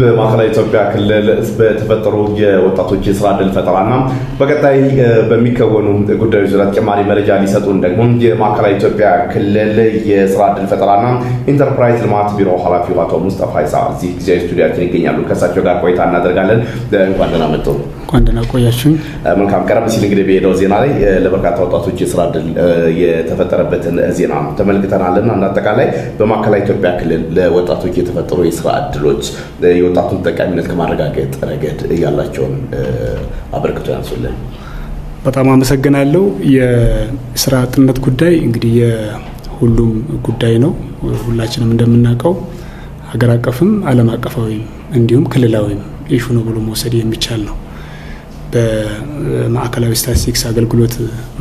በማዕከላዊ ኢትዮጵያ ክልል በተፈጠሩ የወጣቶች የስራ ዕድል ፈጠራና በቀጣይ በሚከወኑ ጉዳዮች ዙሪያ ተጨማሪ መረጃ ሊሰጡን ደግሞ የማዕከላዊ ኢትዮጵያ ክልል የስራ ዕድል ፈጠራና ኢንተርፕራይዝ ልማት ቢሮ ኃላፊው አቶ ሙስጠፋ ይሳ እዚህ ጊዜያዊ ስቱዲያችን ይገኛሉ። ከእሳቸው ጋር ቆይታ እናደርጋለን። እንኳን ደህና መጡ። እንኳን ደህና ቆያችሁኝ። መልካም። ቀረብ ሲል እንግዲህ በሄደው ዜና ላይ ለበርካታ ወጣቶች የስራ እድል የተፈጠረበትን ዜና ተመልክተናል እና እንዳጠቃላይ አጠቃላይ በማዕከላዊ ኢትዮጵያ ክልል ለወጣቶች የተፈጠሩ የስራ እድሎች የወጣቱን ተጠቃሚነት ከማረጋገጥ ረገድ ያላቸውን አበርክቶ ያንሱልን። በጣም አመሰግናለሁ። የስራ አጥነት ጉዳይ እንግዲህ የሁሉም ጉዳይ ነው። ሁላችንም እንደምናውቀው ሀገር አቀፍም ዓለም አቀፋዊም እንዲሁም ክልላዊም ኢሹ ነው ብሎ መውሰድ የሚቻል ነው። በማዕከላዊ ስታቲስቲክስ አገልግሎት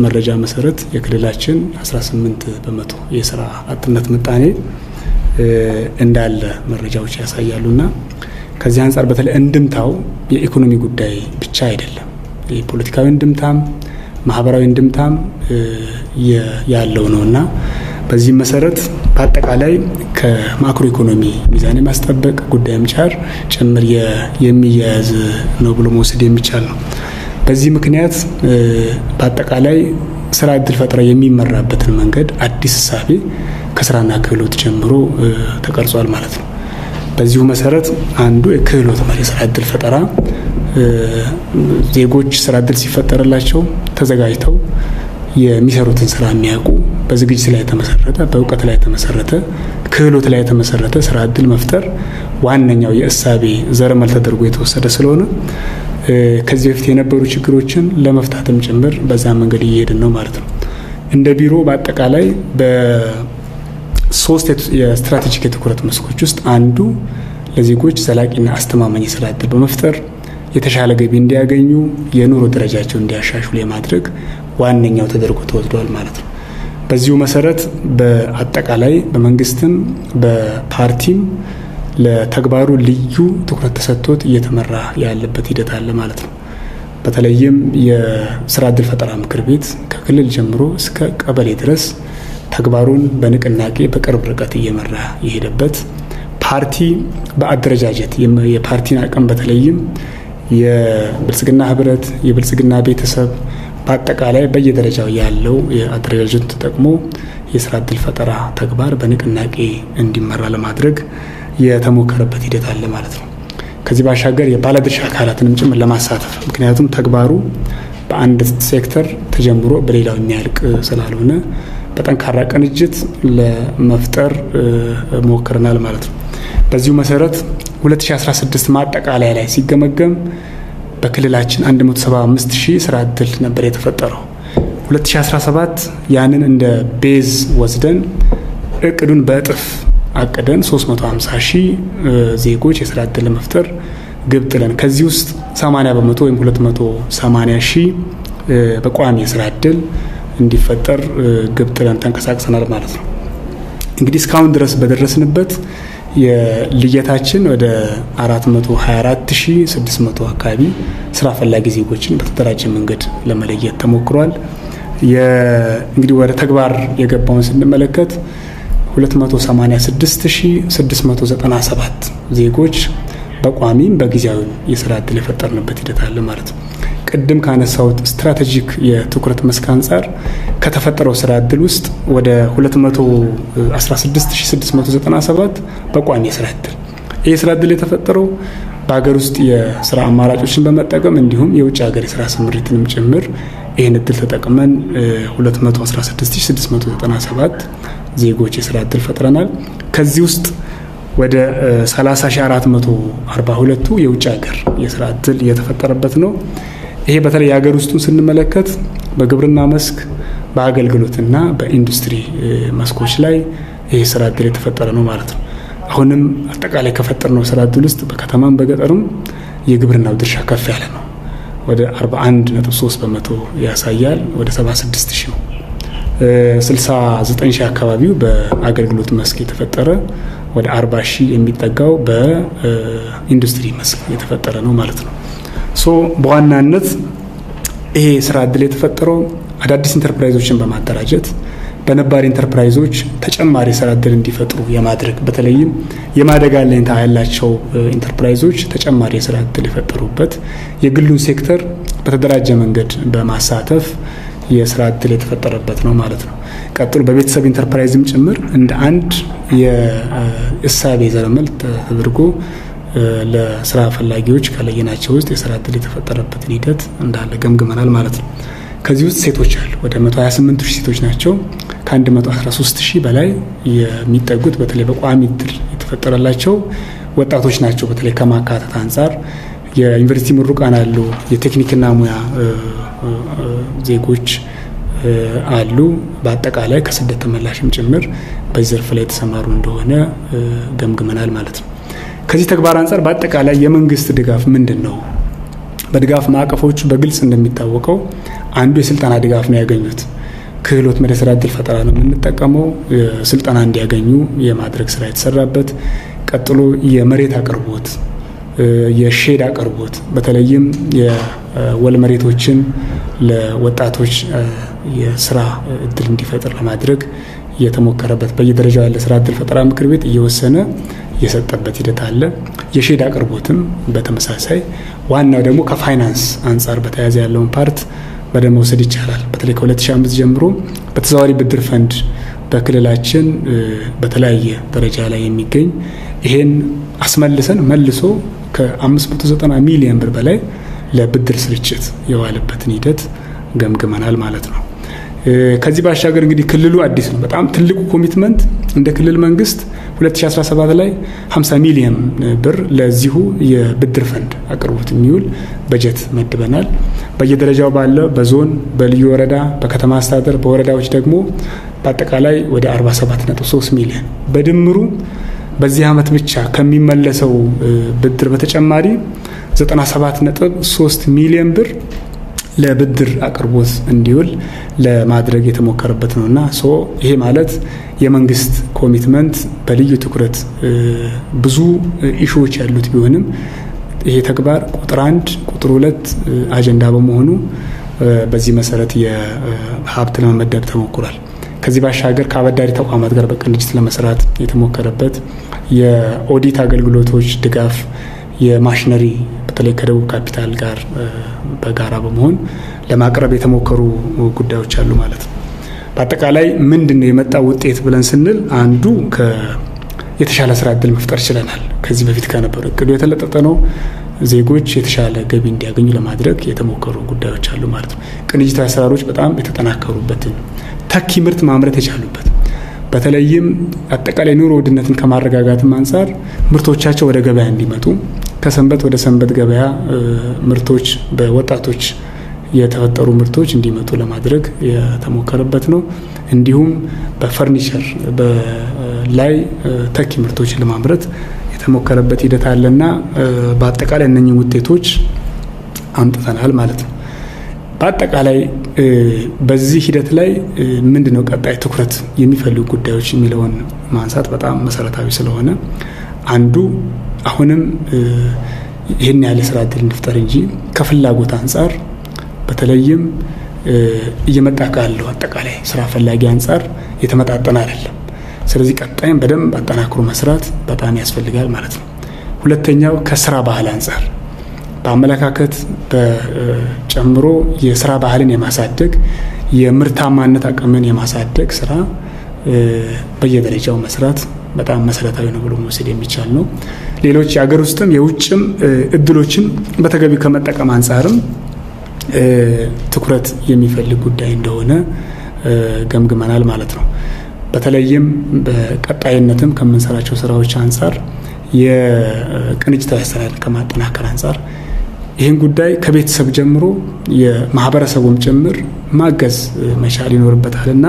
መረጃ መሰረት የክልላችን 18 በመቶ የስራ አጥነት ምጣኔ እንዳለ መረጃዎች ያሳያሉና ከዚህ አንጻር በተለይ እንድምታው የኢኮኖሚ ጉዳይ ብቻ አይደለም። የፖለቲካዊ እንድምታም ማህበራዊ እንድምታም ያለው ነው እና በዚህ መሰረት በአጠቃላይ ከማክሮ ኢኮኖሚ ሚዛን የማስጠበቅ ጉዳይም ጫር ጭምር የሚያያዝ ነው ብሎ መውሰድ የሚቻል ነው። በዚህ ምክንያት በአጠቃላይ ስራ እድል ፈጠራ የሚመራበትን መንገድ አዲስ እሳቤ ከስራና ክህሎት ጀምሮ ተቀርጿል ማለት ነው። በዚሁ መሰረት አንዱ የክህሎት መሪ ስራ እድል ፈጠራ ዜጎች ስራ እድል ሲፈጠርላቸው ተዘጋጅተው የሚሰሩትን ስራ የሚያውቁ በዝግጅት ላይ የተመሰረተ በእውቀት ላይ የተመሰረተ ክህሎት ላይ የተመሰረተ ስራ እድል መፍጠር ዋነኛው የእሳቤ ዘረመል ተደርጎ የተወሰደ ስለሆነ ከዚህ በፊት የነበሩ ችግሮችን ለመፍታትም ጭምር በዛ መንገድ እየሄድን ነው ማለት ነው። እንደ ቢሮ በአጠቃላይ በሶስት የስትራቴጂክ የትኩረት መስኮች ውስጥ አንዱ ለዜጎች ዘላቂና አስተማማኝ የስራ እድል በመፍጠር የተሻለ ገቢ እንዲያገኙ፣ የኑሮ ደረጃቸው እንዲያሻሽሉ የማድረግ ዋነኛው ተደርጎ ተወስዷል ማለት ነው። በዚሁ መሰረት በአጠቃላይ በመንግስትም በፓርቲም ለተግባሩ ልዩ ትኩረት ተሰጥቶት እየተመራ ያለበት ሂደት አለ ማለት ነው። በተለይም የስራ እድል ፈጠራ ምክር ቤት ከክልል ጀምሮ እስከ ቀበሌ ድረስ ተግባሩን በንቅናቄ በቅርብ ርቀት እየመራ የሄደበት ፓርቲ በአደረጃጀት የፓርቲን አቅም በተለይም የብልጽግና ህብረት፣ የብልጽግና ቤተሰብ በአጠቃላይ በየደረጃው ያለው የአደረጃጀቱ ተጠቅሞ የስራ እድል ፈጠራ ተግባር በንቅናቄ እንዲመራ ለማድረግ የተሞከረበት ሂደት አለ ማለት ነው። ከዚህ ባሻገር የባለድርሻ አካላትንም ጭምር ለማሳተፍ ምክንያቱም ተግባሩ በአንድ ሴክተር ተጀምሮ በሌላው የሚያልቅ ስላልሆነ በጠንካራ ቅንጅት ለመፍጠር ሞክረናል ማለት ነው። በዚሁ መሰረት 2016 ማጠቃለያ ላይ ሲገመገም በክልላችን 175 ሺህ ስራ እድል ነበር የተፈጠረው። 2017 ያንን እንደ ቤዝ ወስደን እቅዱን በእጥፍ አቅደን 350 ሺህ ዜጎች የስራ እድል ለመፍጠር ግብ ጥለን ከዚህ ውስጥ 80 በመቶ ወይም 280 ሺህ በቋሚ የስራ እድል እንዲፈጠር ግብ ጥለን ተንቀሳቅሰናል ማለት ነው። እንግዲህ እስካሁን ድረስ በደረስንበት የልየታችን ወደ 424600 አካባቢ ስራ ፈላጊ ዜጎችን በተደራጀ መንገድ ለመለየት ተሞክሯል። እንግዲህ ወደ ተግባር የገባውን ስንመለከት 286697 ዜጎች በቋሚም በጊዜያዊ የስራ እድል የፈጠርንበት ሂደት አለ ማለት ነው። ቅድም ካነሳሁት ስትራቴጂክ የትኩረት መስክ አንጻር ከተፈጠረው ስራ እድል ውስጥ ወደ 216697 በቋሚ የስራ እድል ይህ የስራ እድል የተፈጠረው በሀገር ውስጥ የስራ አማራጮችን በመጠቀም እንዲሁም የውጭ ሀገር የስራ ስምሪትንም ጭምር ይህን እድል ተጠቅመን ዜጎች የስራ እድል ፈጥረናል። ከዚህ ውስጥ ወደ 30442 ቱ የውጭ ሀገር የስራ እድል እየተፈጠረበት ነው። ይሄ በተለይ የሀገር ውስጡን ስንመለከት በግብርና መስክ በአገልግሎትና በኢንዱስትሪ መስኮች ላይ ይህ ስራ እድል የተፈጠረ ነው ማለት ነው። አሁንም አጠቃላይ ከፈጠርነው ስራ እድል ውስጥ በከተማም በገጠርም የግብርናው ድርሻ ከፍ ያለ ነው። ወደ 41.3 በመቶ ያሳያል። ወደ 76 ሺህ ነው። 69 ሺህ አካባቢው በአገልግሎት መስክ የተፈጠረ ወደ 40 ሺህ የሚጠጋው በኢንዱስትሪ መስክ የተፈጠረ ነው ማለት ነው። ሶ በዋናነት ይሄ ስራ እድል የተፈጠረው አዳዲስ ኢንተርፕራይዞችን በማደራጀት በነባር ኢንተርፕራይዞች ተጨማሪ ስራ እድል እንዲፈጥሩ የማድረግ በተለይም የማደግ አለኝታ ያላቸው ኢንተርፕራይዞች ተጨማሪ የስራ እድል የፈጠሩበት የግሉን ሴክተር በተደራጀ መንገድ በማሳተፍ የስራ እድል የተፈጠረበት ነው ማለት ነው። ቀጥሎ በቤተሰብ ኢንተርፕራይዝም ጭምር እንደ አንድ የእሳቤ ዘረመል ተደርጎ ለስራ ፈላጊዎች ከለየናቸው ውስጥ የስራ እድል የተፈጠረበትን ሂደት እንዳለ ገምግመናል ማለት ነው። ከዚህ ውስጥ ሴቶች አሉ። ወደ 128 ሺህ ሴቶች ናቸው። ከ113 ሺህ በላይ የሚጠጉት በተለይ በቋሚ እድል የተፈጠረላቸው ወጣቶች ናቸው። በተለይ ከማካተት አንጻር የዩኒቨርሲቲ ምሩቃን አሉ፣ የቴክኒክና ሙያ ዜጎች አሉ። በአጠቃላይ ከስደት ተመላሽም ጭምር በዚህ ዘርፍ ላይ የተሰማሩ እንደሆነ ገምግመናል ማለት ነው። ከዚህ ተግባር አንጻር በአጠቃላይ የመንግስት ድጋፍ ምንድን ነው? በድጋፍ ማዕቀፎቹ በግልጽ እንደሚታወቀው አንዱ የስልጠና ድጋፍ ነው ያገኙት። ክህሎት መደ ስራ እድል ፈጠራ ነው የምንጠቀመው። ስልጠና እንዲያገኙ የማድረግ ስራ የተሰራበት ቀጥሎ የመሬት አቅርቦት የሼድ አቅርቦት በተለይም የወል መሬቶችን ለወጣቶች የስራ እድል እንዲፈጥር ለማድረግ የተሞከረበት በየደረጃው ያለ ስራ እድል ፈጠራ ምክር ቤት እየወሰነ የሰጠበት ሂደት አለ። የሼድ አቅርቦትም በተመሳሳይ ዋናው ደግሞ ከፋይናንስ አንጻር በተያያዘ ያለውን ፓርት በደንብ መውሰድ ይቻላል። በተለይ ከ2005 ጀምሮ በተዘዋዋሪ ብድር ፈንድ በክልላችን በተለያየ ደረጃ ላይ የሚገኝ ይሄን አስመልሰን መልሶ ከ590 ሚሊዮን ብር በላይ ለብድር ስርጭት የዋለበትን ሂደት ገምግመናል ማለት ነው። ከዚህ ባሻገር እንግዲህ ክልሉ አዲስ ነው። በጣም ትልቁ ኮሚትመንት እንደ ክልል መንግስት 2017 ላይ 50 ሚሊዮን ብር ለዚሁ የብድር ፈንድ አቅርቦት የሚውል በጀት መድበናል። በየደረጃው ባለ በዞን፣ በልዩ ወረዳ፣ በከተማ አስተዳደር፣ በወረዳዎች ደግሞ በአጠቃላይ ወደ 47.3 ሚሊዮን በድምሩ በዚህ ዓመት ብቻ ከሚመለሰው ብድር በተጨማሪ 97.3 ሚሊዮን ብር ለብድር አቅርቦት እንዲውል ለማድረግ የተሞከረበት ነውና ሶ ይሄ ማለት የመንግስት ኮሚትመንት በልዩ ትኩረት ብዙ ኢሹዎች ያሉት ቢሆንም ይሄ ተግባር ቁጥር አንድ ቁጥር ሁለት አጀንዳ በመሆኑ በዚህ መሰረት የሀብት ለመመደብ ተሞክሯል። ከዚህ ባሻገር ከአበዳሪ ተቋማት ጋር በቅንጅት ለመስራት የተሞከረበት የኦዲት አገልግሎቶች ድጋፍ፣ የማሽነሪ በተለይ ከደቡብ ካፒታል ጋር በጋራ በመሆን ለማቅረብ የተሞከሩ ጉዳዮች አሉ ማለት ነው። በአጠቃላይ ምንድን ነው የመጣ ውጤት ብለን ስንል አንዱ የተሻለ ስራ እድል መፍጠር ችለናል። ከዚህ በፊት ከነበሩ እቅዱ የተለጠጠ ነው። ዜጎች የተሻለ ገቢ እንዲያገኙ ለማድረግ የተሞከሩ ጉዳዮች አሉ ማለት ነው። ቅንጅታዊ አሰራሮች በጣም የተጠናከሩበትን ተኪ ምርት ማምረት የቻሉበት በተለይም አጠቃላይ ኑሮ ውድነትን ከማረጋጋትም አንጻር ምርቶቻቸው ወደ ገበያ እንዲመጡ ከሰንበት ወደ ሰንበት ገበያ ምርቶች በወጣቶች የተፈጠሩ ምርቶች እንዲመጡ ለማድረግ የተሞከረበት ነው። እንዲሁም በፈርኒቸር ላይ ተኪ ምርቶችን ለማምረት የተሞከረበት ሂደት አለና በአጠቃላይ እነኚህ ውጤቶች አምጥተናል ማለት ነው። በአጠቃላይ በዚህ ሂደት ላይ ምንድን ነው ቀጣይ ትኩረት የሚፈልጉ ጉዳዮች የሚለውን ማንሳት በጣም መሰረታዊ ስለሆነ አንዱ አሁንም ይህን ያለ ስራ እድል እንድፍጠር እንጂ ከፍላጎት አንጻር በተለይም እየመጣ ካለው አጠቃላይ ስራ ፈላጊ አንጻር የተመጣጠነ አይደለም። ስለዚህ ቀጣይም በደንብ አጠናክሮ መስራት በጣም ያስፈልጋል ማለት ነው። ሁለተኛው ከስራ ባህል አንጻር በአመለካከት ጨምሮ የስራ ባህልን የማሳደግ የምርታማነት አቅምን የማሳደግ ስራ በየደረጃው መስራት በጣም መሰረታዊ ነው ብሎ መውሰድ የሚቻል ነው። ሌሎች የሀገር ውስጥም የውጭም እድሎችን በተገቢ ከመጠቀም አንጻርም ትኩረት የሚፈልግ ጉዳይ እንደሆነ ገምግመናል ማለት ነው። በተለይም በቀጣይነትም ከምንሰራቸው ስራዎች አንጻር የቅንጅታዊ አሰራር ከማጠናከር አንጻር ይህን ጉዳይ ከቤተሰብ ጀምሮ የማህበረሰቡም ጭምር ማገዝ መቻል ይኖርበታል እና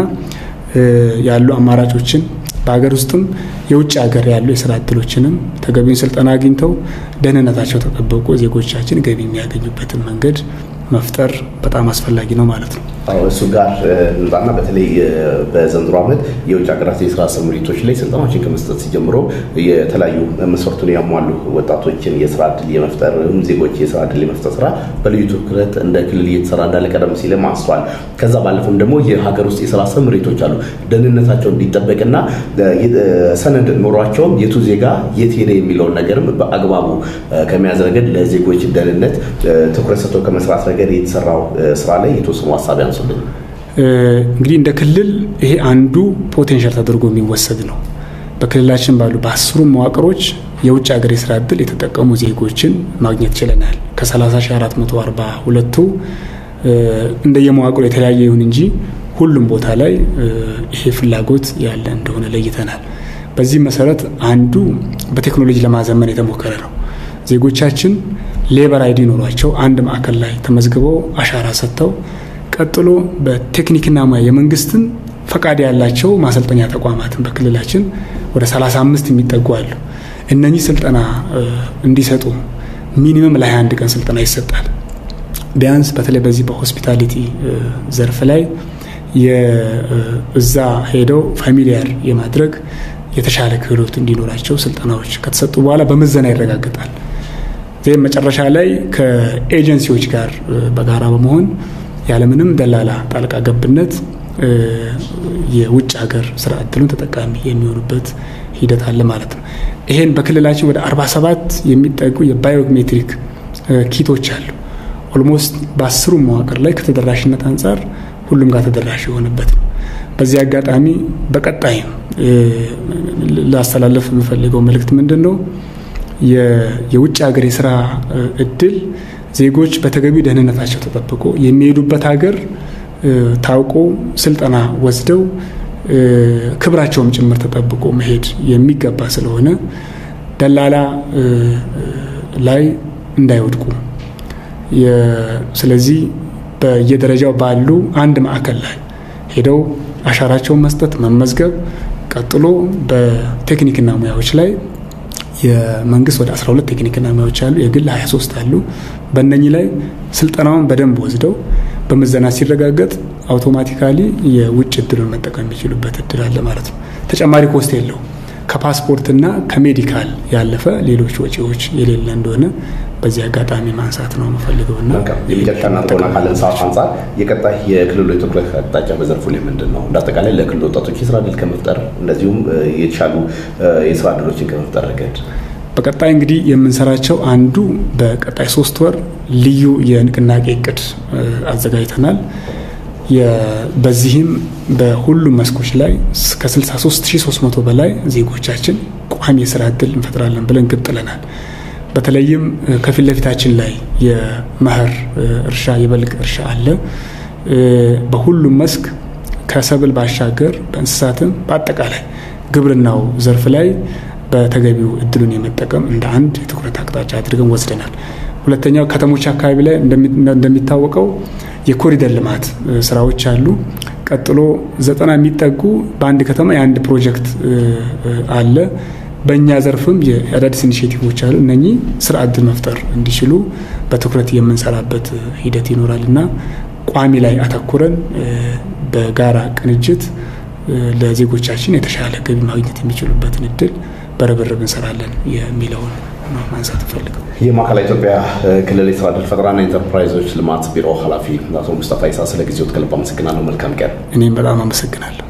ያሉ አማራጮችን በሀገር ውስጥም የውጭ ሀገር ያሉ የስራ እድሎችንም ተገቢውን ስልጠና አግኝተው ደህንነታቸው ተጠብቆ ዜጎቻችን ገቢ የሚያገኙበትን መንገድ መፍጠር በጣም አስፈላጊ ነው ማለት ነው። እሱ ጋር እንምጣና በተለይ በዘንድሮ ዓመት የውጭ ሀገራት የስራ ስምሪቶች ላይ ስልጠናዎችን ከመስጠት ሲጀምሮ የተለያዩ መስፈርቱን ያሟሉ ወጣቶችን የስራ እድል የመፍጠር ዜጎች የስራ እድል የመፍጠር ስራ በልዩ ትኩረት እንደ ክልል እየተሰራ እንዳለ ቀደም ሲል አንስተዋል። ከዛ ባለፈም ደግሞ የሀገር ውስጥ የስራ ስምሪቶች አሉ። ደህንነታቸው እንዲጠበቅና ሰነድ ኖሯቸውም የቱ ዜጋ የት ሄደ የሚለውን ነገርም በአግባቡ ከመያዝ ረገድ ለዜጎች ደህንነት ትኩረት ሰጥቶ ከመስራት ረገድ የተሰራው ስራ ላይ የተወሰኑ ሀሳብ ያደረሱልን? እንግዲህ እንደ ክልል ይሄ አንዱ ፖቴንሻል ተደርጎ የሚወሰድ ነው። በክልላችን ባሉ በአስሩ መዋቅሮች የውጭ ሀገር የስራ እድል የተጠቀሙ ዜጎችን ማግኘት ችለናል። ከ3442ቱ እንደየመዋቅሩ የተለያየ ይሁን እንጂ ሁሉም ቦታ ላይ ይሄ ፍላጎት ያለ እንደሆነ ለይተናል። በዚህ መሰረት አንዱ በቴክኖሎጂ ለማዘመን የተሞከረ ነው። ዜጎቻችን ሌበር አይዲ ኖሯቸው አንድ ማዕከል ላይ ተመዝግበው አሻራ ሰጥተው ቀጥሎ በቴክኒክና ሙያ የመንግስትን ፈቃድ ያላቸው ማሰልጠኛ ተቋማትን በክልላችን ወደ 35 የሚጠጉ አሉ። እነኚህ ስልጠና እንዲሰጡ ሚኒመም ለ21 ቀን ስልጠና ይሰጣል። ቢያንስ በተለይ በዚህ በሆስፒታሊቲ ዘርፍ ላይ እዛ ሄደው ፋሚሊያር የማድረግ የተሻለ ክህሎት እንዲኖራቸው ስልጠናዎች ከተሰጡ በኋላ በምዘና ይረጋገጣል። ዚህም መጨረሻ ላይ ከኤጀንሲዎች ጋር በጋራ በመሆን ያለምንም ደላላ ጣልቃ ገብነት የውጭ ሀገር ስራ እድሉን ተጠቃሚ የሚሆኑበት ሂደት አለ ማለት ነው። ይሄን በክልላችን ወደ 47 የሚጠጉ የባዮሜትሪክ ኪቶች አሉ። ኦልሞስት በአስሩ መዋቅር ላይ ከተደራሽነት አንጻር ሁሉም ጋር ተደራሽ የሆነበት ነው። በዚህ አጋጣሚ በቀጣይ ላስተላለፍ የምፈልገው መልእክት ምንድን ነው? የውጭ ሀገር የስራ እድል ዜጎች በተገቢ ደህንነታቸው ተጠብቆ የሚሄዱበት ሀገር ታውቆ ስልጠና ወስደው ክብራቸውም ጭምር ተጠብቆ መሄድ የሚገባ ስለሆነ ደላላ ላይ እንዳይወድቁ ስለዚህ በየደረጃው ባሉ አንድ ማዕከል ላይ ሄደው አሻራቸውን መስጠት መመዝገብ፣ ቀጥሎ በቴክኒክና ሙያዎች ላይ የመንግስት ወደ 12 ቴክኒክና ሙያዎች አሉ፣ የግል 23 አሉ። በእነኚህ ላይ ስልጠናውን በደንብ ወስደው በምዘና ሲረጋገጥ አውቶማቲካሊ የውጭ እድሉን መጠቀም የሚችሉበት እድል አለ ማለት ነው። ተጨማሪ ኮስት የለውም። ከፓስፖርትና ከሜዲካል ያለፈ ሌሎች ወጪዎች የሌለ እንደሆነ በዚህ አጋጣሚ ማንሳት ነው የምፈልገው እና የሚቀጣና ጥቆና ካለን ሰዓት አንጻር የቀጣይ የክልሉ የትኩረት አቅጣጫ በዘርፉ ላይ ምንድን ነው? እንዳጠቃላይ ለክልል ወጣቶች የስራ እድል ከመፍጠር እንደዚሁም የተሻሉ የስራ እድሎችን ከመፍጠር ረገድ በቀጣይ እንግዲህ የምንሰራቸው አንዱ በቀጣይ ሶስት ወር ልዩ የንቅናቄ እቅድ አዘጋጅተናል። በዚህም በሁሉም መስኮች ላይ ከ63300 በላይ ዜጎቻችን ቋሚ የስራ እድል እንፈጥራለን ብለን ግብ ጥለናል። በተለይም ከፊት ለፊታችን ላይ የመኸር እርሻ የበልግ እርሻ አለ። በሁሉም መስክ ከሰብል ባሻገር በእንስሳትም በአጠቃላይ ግብርናው ዘርፍ ላይ በተገቢው እድሉን የመጠቀም እንደ አንድ የትኩረት አቅጣጫ አድርገን ወስደናል። ሁለተኛው ከተሞች አካባቢ ላይ እንደሚታወቀው የኮሪደር ልማት ስራዎች አሉ። ቀጥሎ ዘጠና የሚጠጉ በአንድ ከተማ የአንድ ፕሮጀክት አለ። በእኛ ዘርፍም የአዳዲስ ኢኒሽቲቮች አሉ። እነኚህ ስራ እድል መፍጠር እንዲችሉ በትኩረት የምንሰራበት ሂደት ይኖራል እና ቋሚ ላይ አተኩረን በጋራ ቅንጅት ለዜጎቻችን የተሻለ ገቢ ማግኘት የሚችሉበትን እድል በርብርብ እንሰራለን የሚለውን ነው ማንሳት ፈልገው። የማዕከላ ኢትዮጵያ ክልል የስራ ዕድል ፈጠራና ኢንተርፕራይዞች ልማት ቢሮ ኃላፊ አቶ ሙስጠፋ ይሳ ስለ ጊዜዎት ከልብ አመሰግናለሁ። መልካም ቀን። እኔም በጣም አመሰግናለሁ።